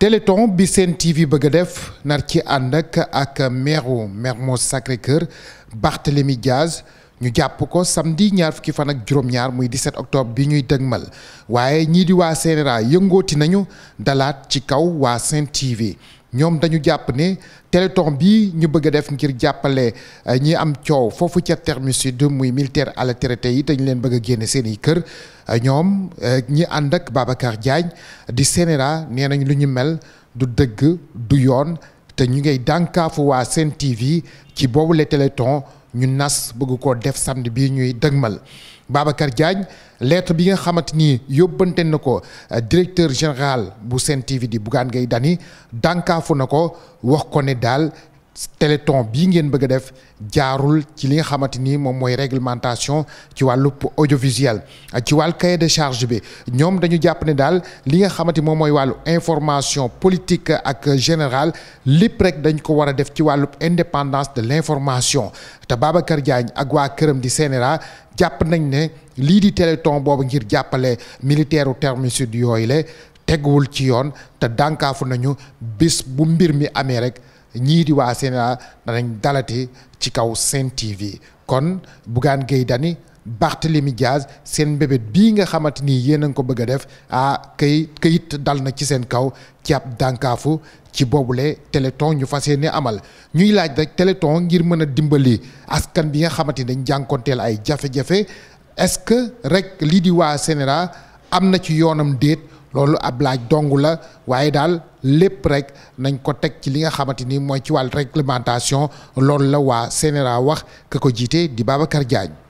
téléthon bi seen TV bëgg a def nar ci ànd ak ak meeru Mermoz Sacré-Cœur Barthélémy Diaz ñu jàpp ko samedi ñaar fukki fan ak juróom-ñaar muy 17 octobre bi ñuy dëgmal waaye ñii di waa CNRA yëngooti nañu dalaat ci kaw waa Sen TV ñoom dañu jàpp ne téléton bi ñu bëgg a def ngir jàppale eh, ñi am coow foofu ca terme sud muy militaire à la yi dañu leen bëgg a génne seen i kër eh, ñoom eh, ñi ànd ak Babacar Diagne di CNRA nee nañ lu ñu mel du dëgg du yoon te ñu ngay dànkaafu waa Sen TV ci boobu le téléthon ñu nas bëgg ko def samedi bi ñuy dëgmal Babacar Diagne lettre bi nga xamante ni yóbbante na ko euh, directeur général bu Sen TV di Bougane Gueye Dany dànkaafu na ko wax ko ne daal téléthon bii ngeen bëgg a def jaarul ci li nga xamante ni moom mooy réglementation ci wàllu audiovisuel ci wàll cahier de charge bi ñoom dañu jàpp ne daal li nga xamante ni moom mooy wàllu information politique ak générale lépp rek dañ ko war a def ci wàllu indépendance de l'information te baba Babacar Diagne ak waa këram di CNRA jàpp nañ ne lii di téléthon boobu ngir jàppale militaire u terme sud yooyu le teguwul ci yoon te dànkaafu nañu bis bu mbir mi amee rek ñii di waa CNRA danañ dalati ci kaw Sen TV kon Bougane Gueye Dany Barthélémy Diaz seen mbébét bii nga xamante ni yéen a ngi ko bëgg a def ah kay këyit dal na ci seen kaw ci ab dànkaafu ci boobule teleton ñu fas yéene amal ñuy laaj rek téléthon ngir mën a dimbali askan bi nga xamante ni dañ jànkonteel ay jafe-jafe est-ce que rek lii di waa CNRA am na ci yoonam déet loolu ab laaj dong la waaye daal lépp rek nañ ko teg ci li nga xamante ni mooy ci wàllu réglementation loolu la waa CNRA wax ka ko jiite di Babacar Diagne.